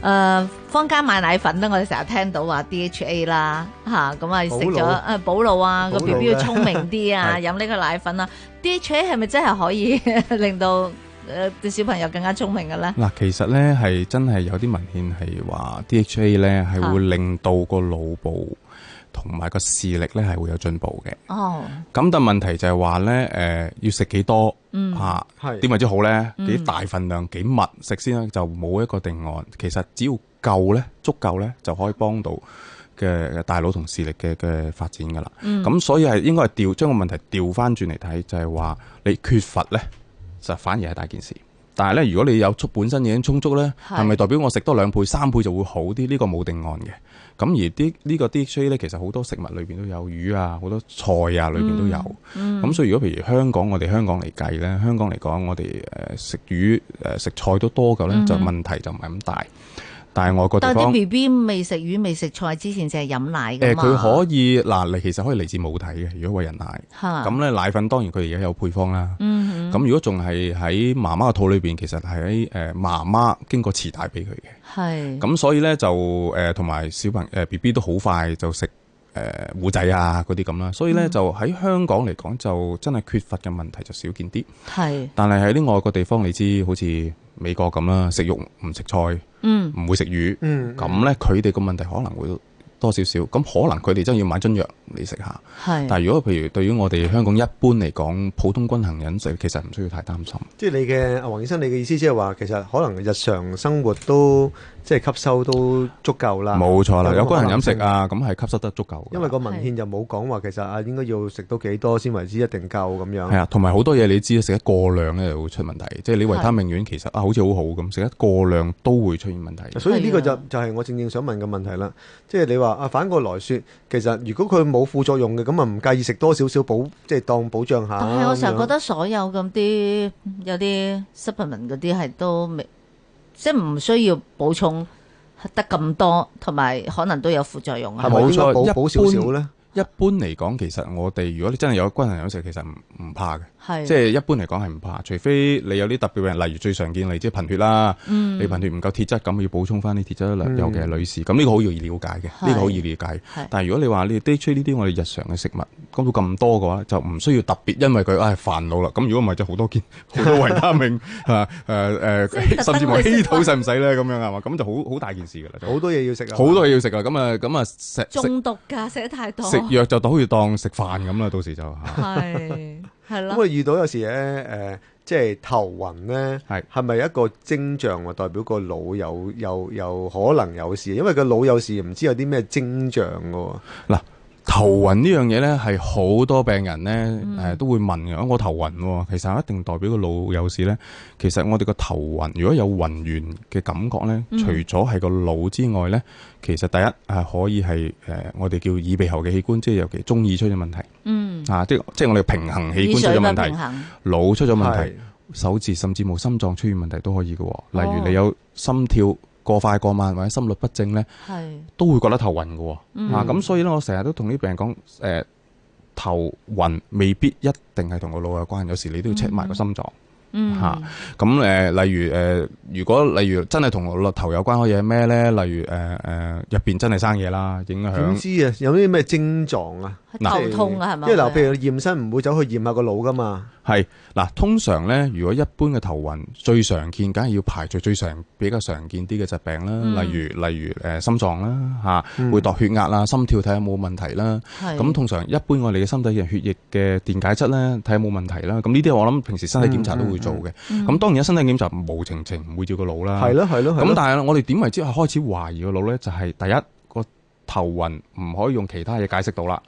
誒、呃，坊間買奶粉咧，我哋成日聽到話 DHA 啦，吓咁啊食咗誒補腦啊，個 B B 要聰明啲啊，飲呢個奶粉啊，DHA 係咪真係可以令到誒個、呃、小朋友更加聰明嘅咧？嗱，其實咧係真係有啲文獻係話 DHA 咧係會令到個腦部。同埋個視力咧係會有進步嘅。哦，咁但係問題就係話咧，誒、呃、要食幾多？嗯，嚇、啊，點是為之好咧？幾、嗯、大份量、幾密食先咧，就冇一個定案。其實只要夠咧，足夠咧，就可以幫到嘅大腦同視力嘅嘅發展噶啦。嗯，咁所以係應該係調將個問題調翻轉嚟睇，就係、是、話你缺乏咧，就反而係大件事。但係咧，如果你有足本身已經充足呢，係咪是代表我食多兩倍、三倍就會好啲？呢、這個冇定案嘅。咁而啲呢個 DHA 咧，其實好多食物裏邊都有魚啊，好多菜啊，裏邊都有。咁、嗯嗯、所以如果譬如香港，我哋香港嚟計呢，香港嚟講，我哋誒、呃、食魚、誒、呃、食菜都多嘅呢，就問題就唔係咁大。嗯嗯但係我覺得，方，啲 B B 未食魚未食菜之前淨係飲奶嘅，誒、呃，佢可以嗱、呃，其實可以嚟自母體嘅，如果餵人奶。咁咧的，奶粉當然佢哋而家有配方啦。嗯咁哼如果仲係喺媽媽嘅肚裏邊，其實係喺誒媽媽經過臍帶俾佢嘅。係咁的，所以咧就誒，同、呃、埋小朋誒 B B 都好快就食。誒、呃、仔啊，嗰啲咁啦，所以呢，嗯、就喺香港嚟講，就真係缺乏嘅問題就少見啲。係是。但係喺啲外國地方，你知好似美國咁啦，食肉唔食菜，嗯，唔會食魚，嗯，咁呢佢哋個問題可能會多少少。咁可能佢哋真係要買樽藥你食下。是但係如果譬如對於我哋香港一般嚟講，普通均衡飲食，其實唔需要太擔心。即係你嘅黃醫生，你嘅意思即係話，其實可能日常生活都。嗯嗯嗯。即係吸收都足夠啦，冇錯啦，有個人飲食啊，咁係吸收得足夠。因為個文獻就冇講話，其實啊，應該要食到幾多先為之一定夠咁樣。係啊，同埋好多嘢你知啦，食得過量咧就會出問題。即係你維他命丸其實啊，好似好好咁，食得過量都會出現問題。所以呢個就就係我正正想問嘅問題啦。即係你話啊，反過來說，其實如果佢冇副作用嘅，咁啊唔介意食多少少保，即係當保障下。但係我成日覺得所有咁啲有啲 supplement 嗰啲係都未。即係唔需要補充得咁多，同埋可能都有副作用啊？係咪應該補補少少咧？一般嚟講，其實我哋如果你真係有均衡飲食，其實唔唔怕嘅。係即係一般嚟講係唔怕，除非你有啲特別病，例如最常見即係貧血啦。嗯。你貧血唔夠鐵質咁，要補充翻啲鐵質啦。嗯。尤其係女士，咁呢個好容易了解嘅，呢個好易了解。係。但係如果你話你哋追呢啲我哋日常嘅食物講到咁多嘅話，就唔需要特別因為佢唉煩惱啦。咁如果唔係就好多件好多維他命啊誒誒，甚至乎稀土使唔使咧？咁樣係嘛？咁就好好大件事噶啦，好多嘢要食啊，好多嘢要食啊。咁啊咁啊食中毒噶，食得太多。藥就就好似當食飯咁啦， 到時就係係啦。咁啊，遇到有時咧，誒、呃，即係頭暈咧，係係咪一個徵象啊？代表個腦有有有，有可能有事，因為個腦有事唔知有啲咩徵象噶喎。嗱。 頭暈呢樣嘢咧，係好多病人咧，誒都會問嘅。我頭暈，其實一定代表個腦有事咧？其實我哋個頭暈，如果有暈眩嘅感覺咧，除咗係個腦之外咧，其實第一係可以係誒，我哋叫耳鼻喉嘅器官，即係尤其中耳出咗問題。嗯。吓，即係即係我哋平衡器官出咗問題，腦出咗問題，手指甚至乎心臟出現問題都可以嘅。例如你有心跳。過快過慢或者心率不正咧，是都會覺得頭暈嘅。嗱、嗯，咁、啊、所以呢，我成日都同啲病人講，誒、呃，頭暈未必一定係同個腦有關，有時你都要 check 埋個心臟。吓，咁誒，例如誒、呃，如果例如真係同個頭有關可以係咩呢？例如誒誒，入、呃、邊、呃、真係生嘢啦，影響。點知啊？有啲咩症狀啊？頭痛啊，係嘛、就是？即係嗱，譬如驗身唔會走去驗下個腦噶嘛？係嗱語音，通常咧，如果一般嘅頭暈，最常見梗係要排除最常比較常見啲嘅疾病啦、嗯，例如例如誒心臟啦吓，會度血壓啦，心跳睇下冇問題啦。咁、嗯、通常一般我哋嘅身體嘅血液嘅電解質咧，睇下冇問題啦。咁呢啲我諗平時身體檢查都會做嘅。咁、嗯嗯、當然，有身體檢查冇情情唔會照個腦啦。係咯係咯。咁的但係我哋點為之係開始懷疑個腦咧，就係打算是第一個頭暈唔可以用其他嘢解釋到啦。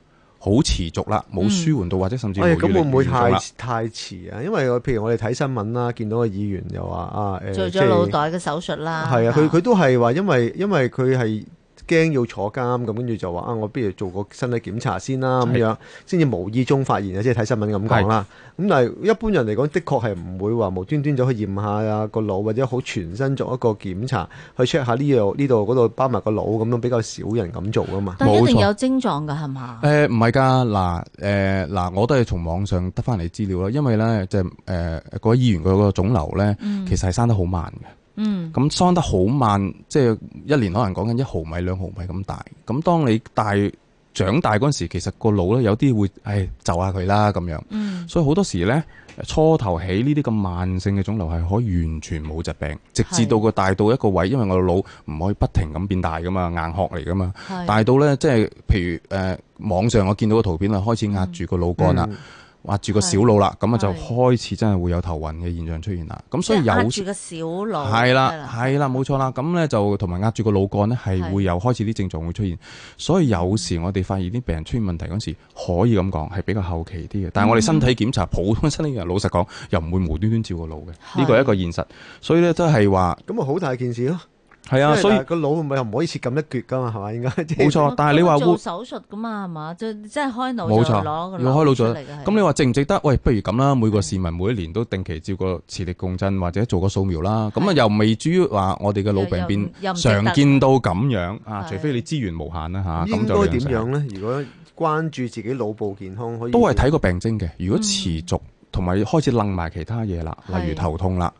好持續啦，冇舒緩到或者甚至係。咁、哎、會唔會太太遲啊？因為譬如我哋睇新聞啦，見到個議員又話啊誒做咗腦袋嘅手術啦，係啊，佢佢都係話因為因為佢係。驚要坐監咁，跟住就話啊，我不如做個身體檢查先啦，咁樣先至無意中發現啊，即係睇新聞咁講啦。咁是的 但係一般人嚟講，的確係唔會話無端端走去驗下啊個腦或者好全身做一個檢查，去 check 下呢度呢度嗰度包埋個腦咁樣，比較少人咁做噶嘛。但係一定有症狀噶係嘛？誒唔係噶，嗱誒嗱，我都係從網上得翻嚟資料啦，因為咧即係誒嗰個醫院嗰個腫瘤咧，其實係生得好慢嘅。嗯嗯嗯，咁生得好慢，即、就、係、是、一年可能講緊一毫米、兩毫米咁大。咁當你大長大嗰陣時，其實個腦咧有啲會係就下佢啦咁樣。嗯，所以好多時咧初頭起呢啲咁慢性嘅腫瘤係可以完全冇疾病，直至到個大到一個位，是因為我腦唔可以不停咁變大噶嘛，硬殼嚟噶嘛，是大到咧即係譬如誒、呃、網上我見到個圖片啊，開始壓住個腦幹啦。嗯嗯壓住個小腦啦，咁啊是就開始真係會有頭暈嘅現象出現啦。咁所以壓住個小腦係啦係啦冇錯啦，咁咧就同埋壓住個腦幹咧係會有的開始啲症狀會出現。所以有時我哋發現啲病人出現問題嗰時，可以咁講係比較後期啲嘅。但係我哋身體檢查，普通嘅身體人老實講又唔會無端端照個腦嘅，呢個的係一個現實。所以咧都係話咁啊，咁咪好大件事咯。係啊，所以個腦咪又唔可以切咁一橛噶嘛，係嘛？應該冇錯，但係你話做手術噶嘛，係嘛？就即係開腦，冇錯，要開腦，要開咁你話值唔值得？喂，不如咁啦，每個市民每一年都定期照個磁力共振或者做個掃描啦。咁啊，又未至於話我哋嘅腦病變常見到咁樣啊？除非你資源無限啦吓。應該點樣咧？如果關注自己腦部健康，可以都係睇個病徵嘅。如果持續同埋開始楞埋其他嘢啦，例如頭痛啦、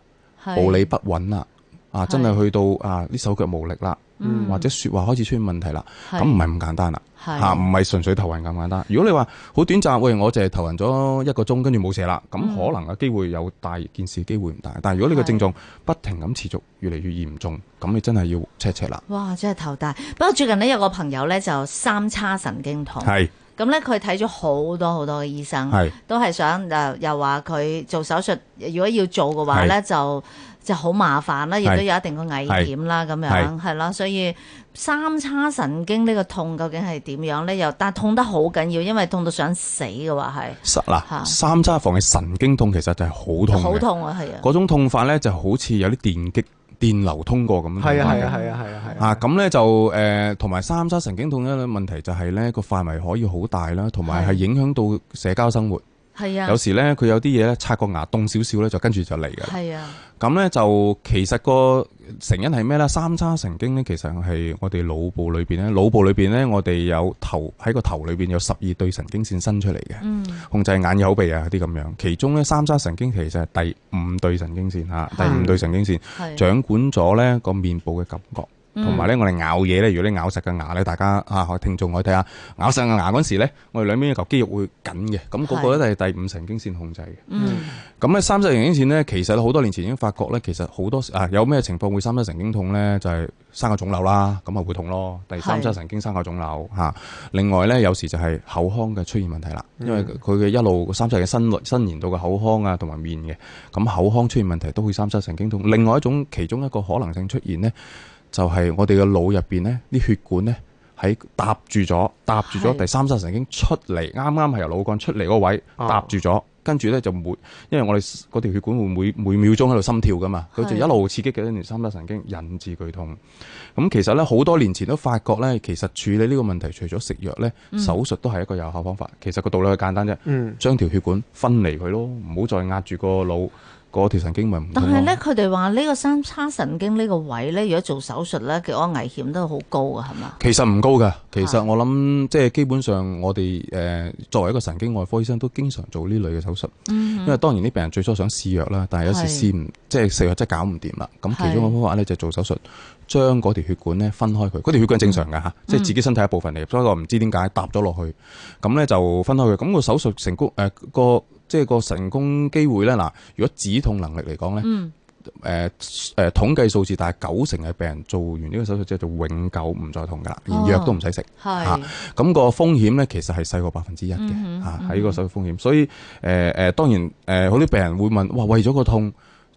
步理不穩啦。啊！真係去到啊，啲手腳無力啦，嗯、或者説話開始出現問題啦，咁唔係咁簡單啦，嚇唔係純粹頭暈咁簡單。如果你話好短暫，喂，我淨係頭暈咗一個鐘，跟住冇事啦，咁可能嘅機會有大件事，機會唔大。但係如果你個症狀不停咁持續，越嚟越嚴重，咁你真係要 check check 啦。哇！真係頭大。不過最近呢，有個朋友呢，就三叉神經痛。係。咁咧，佢睇咗好多好多嘅醫生，是都係想，呃、又又話佢做手術，如果要做嘅話咧是，就就好麻煩啦，亦是都有一定嘅危險啦，咁是樣係咯是。所以三叉神經呢個痛究竟係點樣咧？又但係痛得好緊要，因為痛到想死嘅話係。嗱、啊，三叉房嘅神經痛其實就係好痛，好痛啊，係啊，嗰的種痛法咧就好似有啲電擊。電流通過咁的樣，係的的啊，係啊，係啊，係啊嚇，咁咧就誒，同埋三叉神經痛咧，問題就係咧個範圍可以好大啦，同埋係影響到社交生活。係啊的，有時咧佢有啲嘢咧，刷個牙凍少少咧，跟就跟住就嚟㗎。係啊。咁咧就其實個成因係咩咧？三叉神經咧，其實係我哋腦部裏邊咧，腦部裏邊咧，我哋有頭，喺個頭裏邊有十二對神經線伸出嚟嘅，嗯、控制眼耳口鼻啊啲咁樣。其中咧三叉神經其實係第五對神經線嚇，嗯、第五對神經線、嗯、掌管咗咧個面部嘅感覺。嗯同埋咧，我哋咬嘢咧，如果你咬實嘅牙咧，大家啊，聽眾可以睇下咬實嘅牙嗰時咧，我哋兩邊嘅嚿肌肉會緊嘅。咁嗰個都係第五神經線控制嘅。咁咧，三叉神經線咧，其實咧好多年前已經發覺咧，其實好多啊有咩情況會三叉神經痛咧，就係生個腫瘤啦，咁啊會痛咯。第三叉神經生個腫瘤吓，另外咧有時就係口腔嘅出現問題啦，因為佢嘅一路三叉嘅伸伸延到個口腔啊，同埋面嘅咁口腔出現問題都會三叉神經痛。另外一種其中一個可能性出現咧。就係我哋嘅腦入邊呢啲血管呢，喺搭住咗，搭住咗第三叉神經出嚟，啱啱係由腦幹出嚟嗰位搭住咗，啊、跟住呢，就每，因為我哋嗰條血管會每每秒鐘喺度心跳㗎嘛，佢是的 就一路刺激緊條第三叉神經，引致佢痛。咁其實呢，好多年前都發覺呢，其實處理呢個問題，除咗食藥呢，嗯、手術都係一個有效方法。其實個道理係簡單啫，嗯、將條血管分離佢咯，唔好再壓住個腦。個條神經咪唔？但係咧，佢哋話呢個三叉神經呢個位咧，如果做手術咧，其實危險都好高嘅，係嘛？其實唔高嘅，其實我諗即係基本上我，我哋誒作為一個神經外科醫生，都經常做呢類嘅手術。嗯、因為當然啲病人最初想試藥啦，但係有時試唔是即係食藥真係搞唔掂啦。咁其中一個方法咧，就做手術，將嗰條血管咧分開佢。嗰是條血管正常嘅嚇，嗯嗯、即係自己身體一部分嚟。所以我唔知點解搭咗落去，咁咧就分開佢。咁、個手術成功誒、呃呃、個。即係個成功機會咧，嗱，如果止痛能力嚟講咧，誒誒、嗯呃、統計數字，大係九成嘅病人做完呢個手術之後就永久唔再痛噶啦，連藥、哦、都唔使食。係是，咁、啊那個風險咧其實係細過百分之一嘅，嚇喺呢個手術風險。嗯、哼所以誒誒、呃，當然誒，好、呃、啲病人會問，哇，為咗個痛。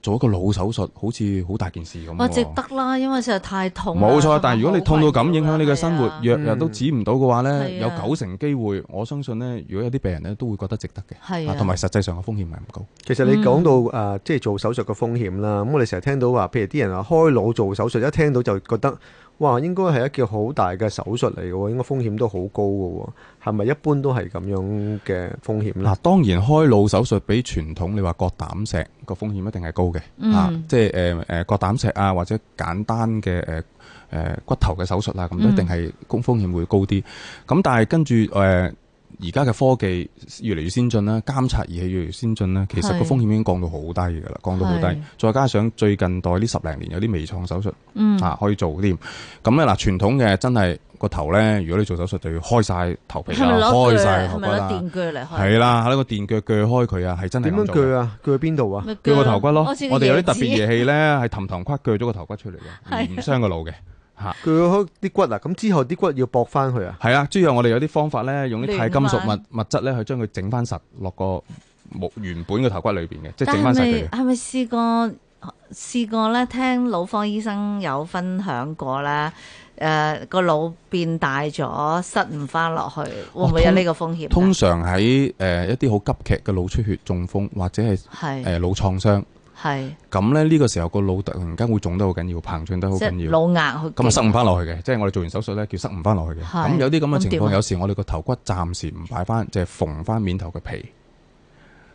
做一個腦手術好似好大件事咁喎，值得啦，因為實在太痛。冇錯，但係如果你痛到咁影響你嘅生活，嗯、若又都止唔到嘅話呢、嗯、有九成機會，我相信呢，如果有啲病人呢都會覺得值得嘅，啊、嗯，同埋實際上嘅風險唔係咁高。其實你講到誒、嗯呃，即係做手術嘅風險啦，咁我哋成日聽到話，譬如啲人啊開腦做手術，一聽到就覺得。哇，應該係一件好大嘅手術嚟嘅喎，應該風險都好高嘅喎，係咪一般都係咁樣嘅風險咧？嗱，當然開腦手術比傳統你話割膽石個風險一定係高嘅，啊，即係誒誒割膽石啊，或者簡單嘅誒誒骨頭嘅手術啊，咁都一定係高風險會高啲，咁但係跟住誒。而家嘅科技越嚟越先進啦，監察儀器越嚟越先進啦，其實個風險已經降到好低㗎啦，降到好低。是再加上最近代呢十零年有啲微創手術、嗯、啊，可以做嗰啲。咁咧嗱，傳統嘅真係個頭咧，如果你做手術就要開晒頭皮啦，是是開晒頭骨啦。係啦，攞個電鋸嚟開。係啦，攞個電鋸鋸開佢啊，係真係點鋸啊？鋸邊度啊？鋸個頭骨咯。我哋有啲特別儀器咧，係氹氹骨鋸咗個頭骨出嚟嘅，唔傷個腦嘅。 吓，佢開啲骨啊？咁之後啲骨要駁翻去啊？係啊，之後要、啊、我哋有啲方法咧，用啲鈦金屬物物質咧去將佢整翻實落個木原本個頭骨裏邊嘅，即係整翻實佢。係咪試過試過咧？聽腦科醫生有分享過咧？誒、呃，個腦變大咗，塞唔翻落去，會唔會有呢個風險、哦？通常喺誒、呃、一啲好急劇嘅腦出血、中風或者係誒腦創傷。是呃係咁咧，是呢、這個時候個腦突然間會腫得好緊要，膨脹得好緊要，腦壓高，咁啊塞唔翻落去嘅。即係我哋做完手術咧叫塞唔翻落去嘅。咁是有啲咁嘅情況，有時我哋個頭骨暫時唔擺翻，即係縫翻面頭嘅皮，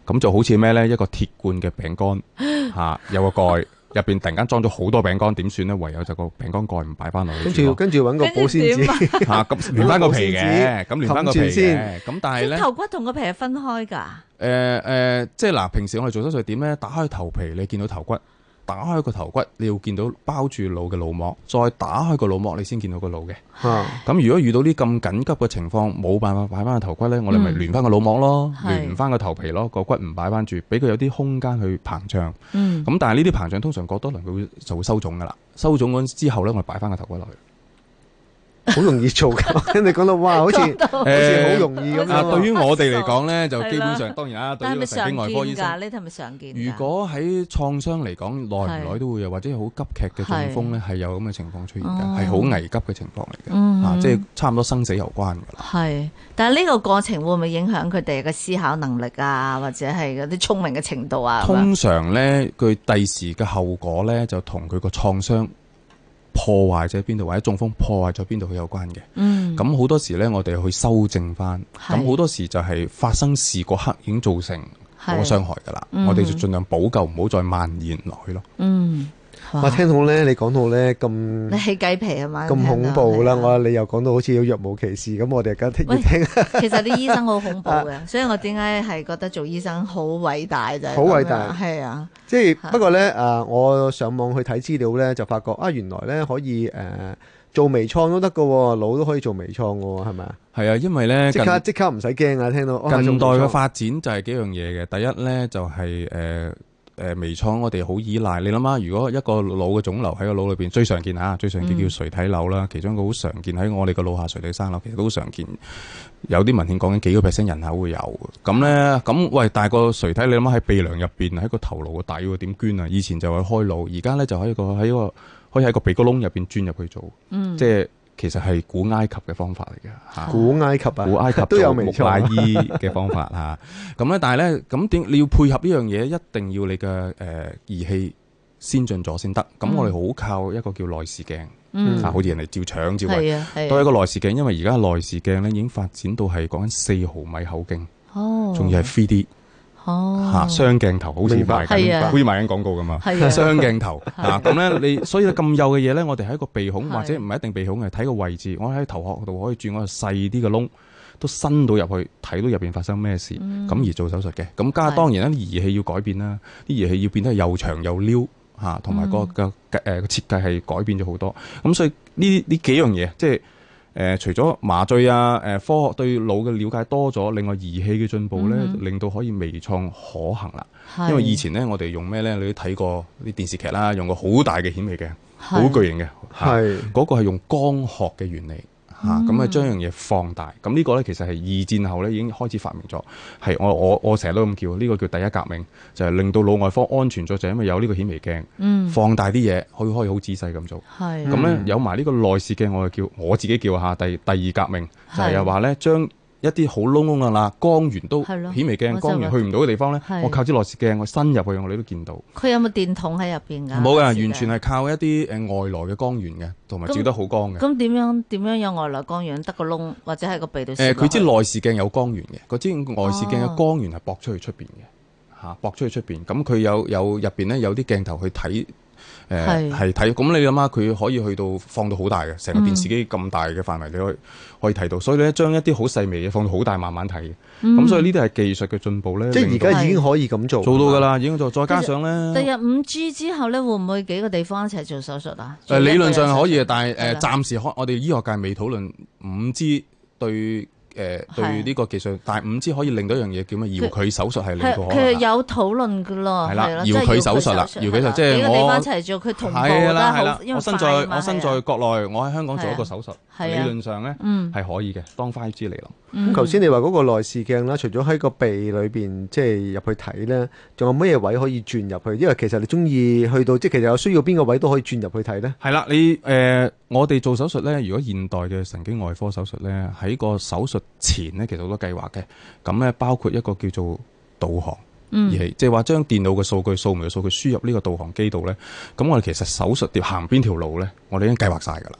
咁就好似咩咧？一個鐵罐嘅餅乾吓，有個蓋。 入邊突然間裝咗好多餅乾，點算咧？唯有就個餅乾蓋唔擺翻落去，跟住跟住揾個保鮮紙吓，咁、啊 啊、連翻個皮嘅，咁 紙連翻個皮先。咁但係咧，頭骨同個皮係分開噶。誒誒、呃呃，即係嗱、呃，平時我哋做手術點咧？打開頭皮，你見到頭骨。打開個頭骨，你要見到包住腦嘅腦膜，再打開個腦膜，你先見到個腦嘅。咁是如果遇到啲咁緊急嘅情況，冇辦法擺翻個頭骨呢？我哋咪連翻個腦膜咯，嗯、連翻個頭皮咯，個骨唔擺翻住，俾佢有啲空間去膨脹。咁、嗯、但係呢啲膨脹通常過多，佢會就會收腫噶啦，收腫之後呢，我哋擺翻個頭骨落去。好容易做噶，跟住講到哇，好似誒到、欸、好容易咁啊！對於我哋嚟講咧，就基本上了當然啦，對於神經外科醫生，你係咪常見？如果喺創傷嚟講，耐唔耐都會有，是或者好急劇嘅中風咧，係是有咁嘅情況出現嘅出現㗎，係好、oh. 危急嘅情況嚟嘅、mm hmm. 啊、即係差唔多生死有關㗎啦。係，但係呢個過程會唔會影響佢哋嘅思考能力啊，或者係嗰啲聰明嘅程度啊？通常咧，佢第時嘅後果咧，就同佢個創傷。破壞咗邊度或者中風破壞咗邊度佢有關嘅，咁好、嗯、多時呢，我哋去修正翻，咁好是多時就係發生事嗰刻已經造成嗰個傷害噶啦，是我哋就盡量補救，唔好、嗯、再蔓延落去咯。嗯我聽到咧，你講到咧咁，你起雞皮啊嘛？咁恐怖啦！我你又講到好似要若無其事咁，我哋而家要聽。其實啲醫生好恐怖嘅，所以我點解係覺得做醫生好偉大啫？好偉大係啊！即係不過咧，誒，我上網去睇資料咧，就發覺啊，原來咧可以誒做微創都得噶，腦都可以做微創噶，係咪啊？係啊，因為咧即刻即刻唔使驚啊！聽到近代嘅發展就係幾樣嘢嘅，第一咧就係誒。誒、呃、微創我哋好依賴，你諗下，如果一個腦嘅腫瘤喺個腦裏邊，最常見嚇，最常見叫垂體瘤啦，嗯、其中一個好常見喺我哋個腦下垂體生瘤，其實都好常見，有啲文獻講緊幾個 percent 人口會有，咁咧，咁喂，但係個垂體你諗下喺鼻梁入邊，喺個頭顱個底點捐啊？以前就去開腦，而家咧就喺個喺個可以喺個，個，個鼻哥窿入邊鑽入去做，嗯，即係。其實係古埃及嘅方法嚟嘅，是古埃及啊，古埃及做木乃伊嘅方法啊，咁咧， 但係咧，咁點？你要配合呢樣嘢，一定要你嘅誒儀器先進咗先得。咁、嗯、我哋好靠一個叫內視鏡，吓、嗯，好似人哋照腸照胃，都係、嗯、一個內視鏡。因為而家內視鏡咧已經發展到係講緊四毫米口徑，哦，仲要係 3D 哦，嚇，雙鏡頭好似賣，好似賣緊廣告噶嘛，的雙鏡頭嗱，咁咧你，所以咁幼嘅嘢咧，我哋喺個鼻孔是的 或者唔係一定鼻孔嘅，睇個位置，我喺頭殼度可以轉個細啲嘅窿，都伸到入去睇到入邊發生咩事，咁、嗯、而做手術嘅，咁加當然咧，啲儀器要改變啦，啲儀器要變得又長又溜嚇，同埋、那個個誒、嗯、設計係改變咗好多，咁所以呢呢幾樣嘢即係。誒、呃，除咗麻醉啊，誒、呃，科學對腦嘅了解多咗，另外儀器嘅進步咧，嗯、哼令到可以微創可行啦。是因為以前咧，我哋用咩咧，你都睇過啲電視劇啦，用過好大嘅顯微鏡，好巨型嘅，係嗰是是、嗰個係用光學嘅原理。嚇！咁啊、嗯，將樣嘢放大，咁呢個咧其實係二戰後咧已經開始發明咗，係我我我成日都咁叫，呢、呢個叫第一革命，就係、係、令到腦外科安全咗，就係、因為有呢個顯微鏡，嗯、放大啲嘢，佢可以好仔細咁做。係咁咧，嗯、有埋呢個內視鏡，我係叫我自己叫下第第二革命，就係話咧將。一啲好窿窿嘅嗱，光源都顯微鏡的光源去唔到嘅地方咧，的我靠支內視鏡，我伸入去，我哋都見到。佢有冇電筒喺入邊㗎？冇呀，完全係靠一啲誒外來嘅光源嘅，同埋照得好光嘅。咁點樣點樣有外來光源得個窿或者係個鼻度？誒、呃，佢支內視鏡有光源嘅，佢支外視鏡嘅光源係駁出去出邊嘅，嚇、哦，駁、啊、出去出邊。咁佢有有入邊咧有啲鏡頭去睇。誒係睇，咁是、呃、你諗下佢可以去到放到好大嘅，成個電視機咁大嘅範圍，嗯、你可以可以睇到，所以咧將一啲好細微嘅放到好大，慢慢睇。咁、嗯嗯、所以呢啲係技術嘅進步咧，即係而家已經可以咁做，做到㗎啦，的已經做。再加上咧，第日五 G 之後咧，會唔會幾個地方一齊做手術啊？誒理論上可以啊，但係誒的、呃、暫時可，我哋醫學界未討論五 G 對。誒，對呢個技術，但係唔知可以令到一樣嘢，叫咩？遙距手術係嚟嘅，係佢係有討論噶啦，係啦，遙距手術啦，遙距手術即係我。係啊啦，係啦，我身在我身在國內，我喺香港做一個手術，理論上咧係可以嘅，當快啲嚟啦。咁頭先你話嗰個內視鏡啦，除咗喺個鼻裏邊即係入去睇咧，仲有乜嘢位可以轉入去？因為其實你中意去到，即係其實有需要邊個位都可以轉入去睇咧。係啦，你誒，我哋做手術咧，如果現代嘅神經外科手術咧，喺個手術。前咧其實好多計劃嘅，咁咧包括一個叫做導航嘢，即係話將電腦嘅數據、掃描嘅數據輸入呢個導航機度咧，咁我哋其實手術要行邊條路咧，我哋已經計劃晒噶啦。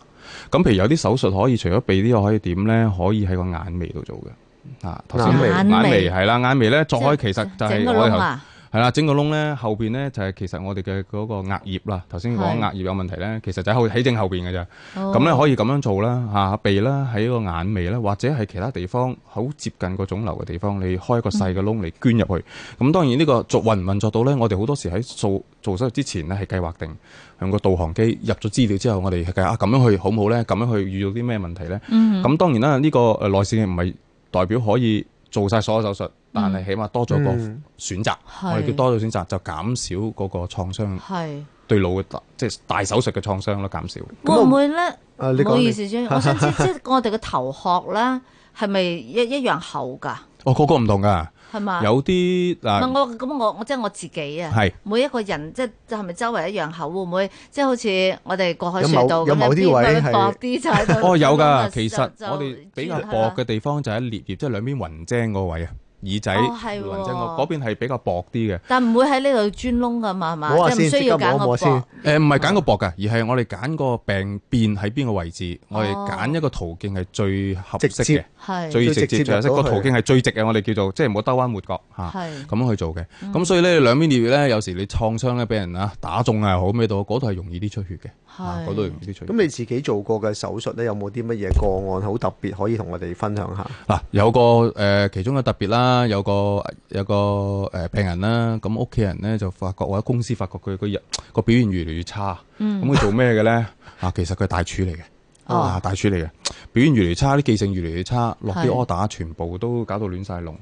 咁譬如有啲手術可以除咗鼻啲，又可以點咧，可以喺個眼眉度做嘅。啊，頭先眼眉係啦，眼眉咧再開其實就係。係啦，整個窿咧，後邊咧就係其實我哋嘅嗰個額葉啦。頭先講額葉有問題咧，的其實就喺後喺正後邊嘅啫。咁咧、哦、可以咁樣做啦，嚇鼻啦，喺個眼尾啦，或者係其他地方好接近個腫瘤嘅地方，你開一個細嘅窿嚟捐入去。咁、嗯、當然呢個做運唔運作到咧，我哋好多時喺做做手術之前咧係計劃定用個導航機入咗資料之後，我哋係計啊咁樣去好唔好咧？咁樣去遇到啲咩問題咧？咁、嗯嗯、當然啦，呢個誒內視鏡唔係代表可以。做晒所有手術，但係起碼多咗個選擇，嗯、我哋叫多咗選擇是就減少嗰個創傷，是對腦嘅即係大手術嘅創傷咯，減少。會唔會咧？唔、啊、好意思先，我想知 即係我哋嘅頭殼咧係咪一一樣厚㗎？哦，個個唔同㗎。係嘛？有啲嗱，唔、啊、係我咁我我即係、就是、我自己啊！係是每一個人即係係咪周圍一樣厚，會唔會即係好似我哋過去隧道咁咧？啲位薄啲踩到？哦，有㗎！其實我哋比較薄嘅地方就喺裂葉，即係吧兩邊雲漝嗰個位啊！耳仔，雲嶺嗰嗰邊係比較薄啲嘅，但唔會喺呢度鑽窿噶嘛，係嘛？唔需要揀個薄。誒，唔係揀個薄㗎，而係我哋揀個病變喺邊個位置，我哋揀一個途徑係最合適嘅，最直接，最合適個途徑係最直嘅。我哋叫做即係唔好兜彎抹角嚇，咁去做嘅。咁所以呢兩邊裂咧，有時你創傷咧，俾人啊打中啊，好咩到？嗰度係容易啲出血嘅，嗰度容易啲出血。咁你自己做過嘅手術咧，有冇啲乜嘢個案好特別可以同我哋分享下？嗱，有個誒其中嘅特別啦。啊！有個有個誒病人啦，咁屋企人咧就發覺，或者公司發覺佢個日個表現越嚟越差。嗯，咁佢做咩嘅咧？啊，其實佢係大廚嚟嘅，大廚嚟嘅表現越嚟越差，啲記性越嚟越差，落啲 order 全部都搞到亂晒龍。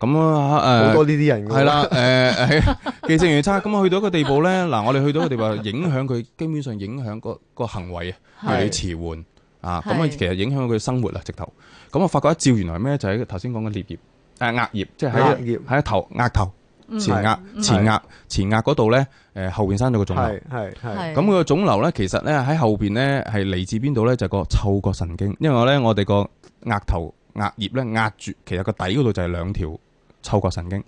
咁啊誒，好多呢啲人嘅係啦，誒記性越差，咁啊去到一個地步咧，嗱，我哋去到嘅地步影響佢，基本上影響個個行為啊，越嚟遲緩啊，咁啊其實影響佢生活啊直頭。咁我發覺一照原來咩就係頭先講嘅裂葉。誒，額葉即係喺喺頭額頭前額前額前額嗰度咧，誒後邊生咗個腫瘤。係係係咁，佢個腫瘤咧，其實咧喺後邊咧係嚟自邊度咧？就係個嗅覺神經，因為我咧我哋個額頭額葉咧壓住，其實個底嗰度就係兩條。嗅覺神經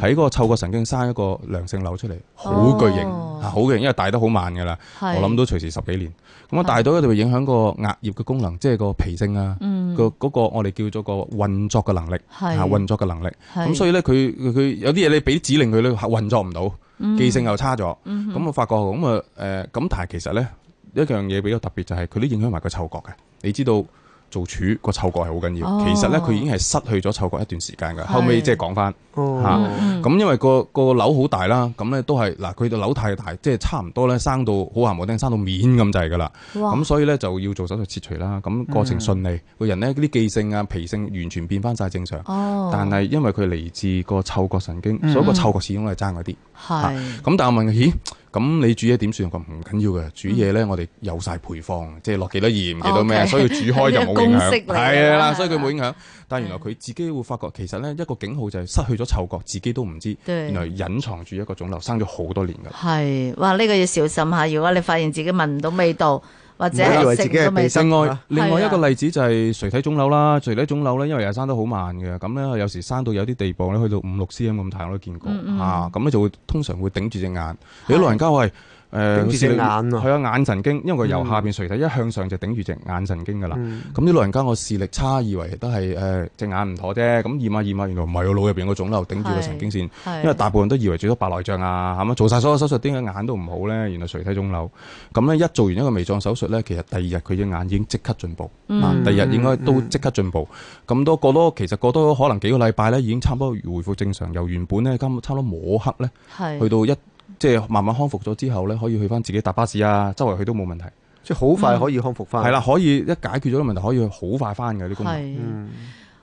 喺嗰、嗯、個嗅覺神經生一個良性瘤出嚟，好巨型，好、哦、巨型，因為大得好慢噶啦，是我諗到隨時十幾年。咁啊是大到一咧，就影響個額葉嘅功能，即係個脾性啊，個嗰、嗯、個我哋叫做個運作嘅能力，是啊運作嘅能力。咁是所以咧，佢佢有啲嘢你俾指令佢咧，運作唔到，記性又差咗。咁、嗯嗯、我發覺，咁啊誒，咁、呃、但係其實咧，一樣嘢比較特別就係，佢都影響埋個嗅覺嘅。你知道。做柱、嗰個嗅覺係好緊要，哦、其實咧佢已經係失去咗嗅覺一段時間噶，是後尾即係講翻吓，咁、哦啊、因為、嗰個、嗰個樓好大啦，咁咧都係嗱，佢個樓太大，即、就、係、是、差唔多咧生到好咸冇汀，生到面咁就係噶啦，咁哇、啊、所以咧就要做手術切除啦。咁、啊、過程順利，個、嗯、人呢啲記性啊、脾性完全變翻晒正常，哦、但係因為佢嚟自個嗅覺神經，嗯、所以個嗅覺始終係差咗啲。係、啊，咁、啊、但係我問佢，咦？咁你煮嘢點算？咁唔緊要嘅，嗯、煮嘢咧我哋有晒配方，即係落幾多鹽幾多咩，okay，所以煮開就冇影響。係啊啦，所以佢冇影響。的但原來佢自己會發覺，其實咧一個警號就係失去咗嗅覺，自己都唔知的原來隱藏住一個腫瘤生咗好多年㗎喇。係，哇！呢、呢個要小心下，如果你發現自己聞唔到味道。或者以為自己鼻塞。另外，是的 另外一個例子就係垂體腫瘤啦。是的 垂體腫瘤咧，因為又生得好慢嘅，咁咧有時生到有啲地步，咧，去到五六 cm 咁大我都見過嚇。咁咧、嗯嗯啊、就會通常會頂住隻眼。有老人家喂。誒，好、呃、眼咯、啊，係眼神經，因為佢由下邊垂體一向上就頂住隻眼神經噶啦。咁啲、嗯、老人家個視力差，以為都係誒隻眼唔妥啫。咁驗啊驗啊，啊，啊，原來唔係，個腦入邊個腫瘤頂住個神經線。因為大部分都以為最多白內障啊，係咪？做晒所有手術，點解眼都唔好咧？原來垂體腫瘤。咁咧一做完一個微狀手術咧，其實第二日佢隻眼已經即刻進步，第二、嗯、日應該都即刻進步。咁多過多，其實過多，多可能幾個禮拜咧，已經差唔多回復正常。由原本咧差唔多摸黑咧，是去到一。即係慢慢康復咗之後咧，可以去翻自己搭巴士啊，周圍去都冇問題。即係好快可以康復翻。係啦、嗯，可以一解決咗啲問題，可以好快翻嘅啲功能。係是，嗯、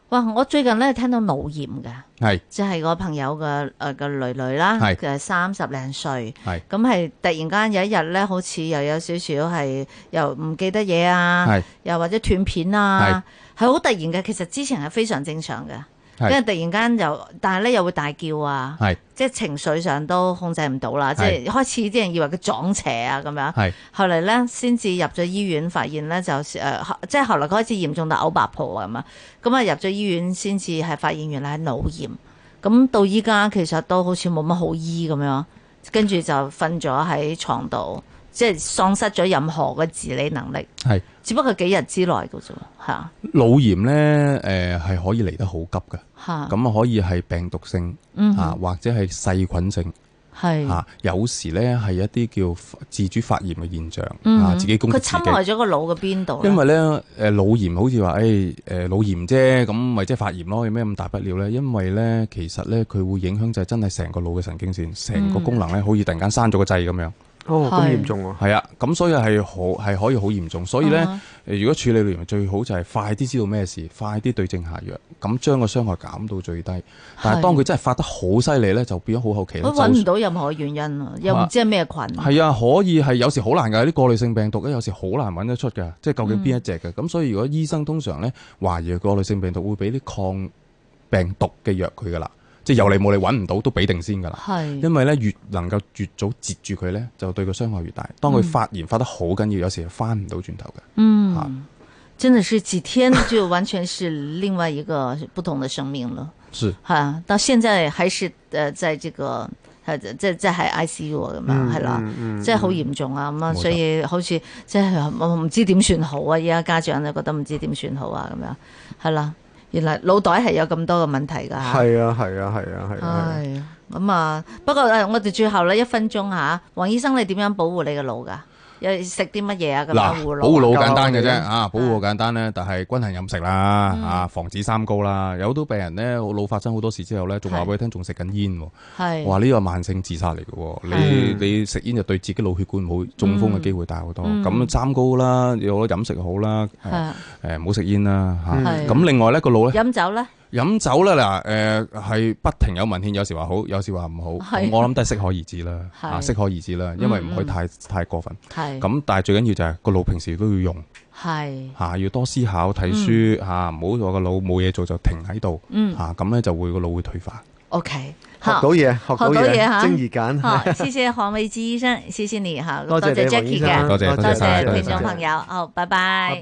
哇！我最近咧聽到腦炎嘅，係是，即係我個朋友嘅誒個女女啦，佢係是，三十零歲，咁係是突然間有一日咧，好似又有少少係又唔記得嘢啊，是又或者斷片啊，係是，係好突然嘅，其實之前係非常正常嘅。跟住突然間又，但係咧又會大叫啊，是即係情緒上都控制唔到啦。是即係開始啲人以為佢撞邪啊咁是、呃、樣，後嚟咧先至入咗醫院，發現咧就誒，即係後嚟開始嚴重到嘔白泡啊咁啊，咁啊入咗醫院先至係發現原來係腦炎。咁到依家其實都好似冇乜好醫咁樣，跟住就瞓咗喺床度。即係喪失咗任何嘅自理能力，係，只不過幾日之內嘅啫，吓。腦炎咧，誒係可以嚟得好急嘅，吓，咁啊可以係病毒性，吓，或者係細菌性，係，吓，有時咧係一啲叫自主發炎嘅現象，吓，自己攻擊。佢侵害咗個腦嘅邊度？因為咧，誒腦炎好似話，誒，誒腦炎啫，咁咪即係發炎咯，有咩咁大不了咧？因為咧，其實咧佢會影響就係真係成個腦嘅神經線，成個功能咧，好似突然間閂咗個掣咁樣。哦，咁嚴重啊！係啊，咁所以係好係可以好嚴重，所以咧、uh huh. 呃，如果處理完最好就係快啲知道咩事，快啲對症下藥，咁將個傷害減到最低。Uh huh. 但係當佢真係發得好犀利咧，就變咗好後期。我揾唔到任何原因啊，又唔知係咩菌。係啊，可以係有時好難噶，啲過濾性病毒咧，有時好難揾得出噶，即係究竟邊一隻噶。咁、uh huh. 所以如果醫生通常咧懷疑過濾性病毒，會俾啲抗病毒嘅藥佢噶啦。即係有嚟冇嚟揾唔到，都俾定先噶啦。係是，因為咧越能夠越早截住佢咧，就對佢傷害越大。當佢發炎發得好緊要，嗯、有時翻唔到轉頭嘅。嗯，啊、真的是幾天就完全是另外一個不同嘅生命了。 是啊，到現在還是誒在這個誒即即係 ICU 咁樣係啦，即係好嚴重啊咁啊，錯所以好似即係我唔知點算好啊。而家家長都覺得唔知點算好啊，咁樣係啦。原來腦袋係有咁多個問題㗎嚇！係啊係啊係啊係啊！咁啊，不過誒，我哋最後咧一分鐘嚇，黃醫生你點樣保護你個腦㗎？食啲乜嘢啊？嗱，保護腦好簡單嘅啫，啊，保護好簡單咧，但係均衡飲食啦，啊，防止三高啦。有好多病人咧，腦發生好多事之後咧，仲話俾你聽，仲食緊煙喎，哇！呢個慢性自殺嚟嘅，你你食煙就對自己腦血管冇中風嘅機會大好多。咁三高啦，有好多飲食好啦，誒唔好食煙啦嚇。咁另外咧個腦咧，飲酒咧。飲酒咧嗱，誒係不停有文獻，有時話好，有時話唔好。我諗都係適可而止啦，適可而止啦，因為唔可以太太過分。咁但係最緊要就係個腦平時都要用，吓要多思考睇書，吓唔好個腦冇嘢做就停喺度，吓咁咧就會個腦會退化。O K，學到嘢，學到嘢，精而簡。多謝黃偉基醫生，謝謝你吓，多謝 Jackie 嘅，多謝聽眾朋友，好，拜拜。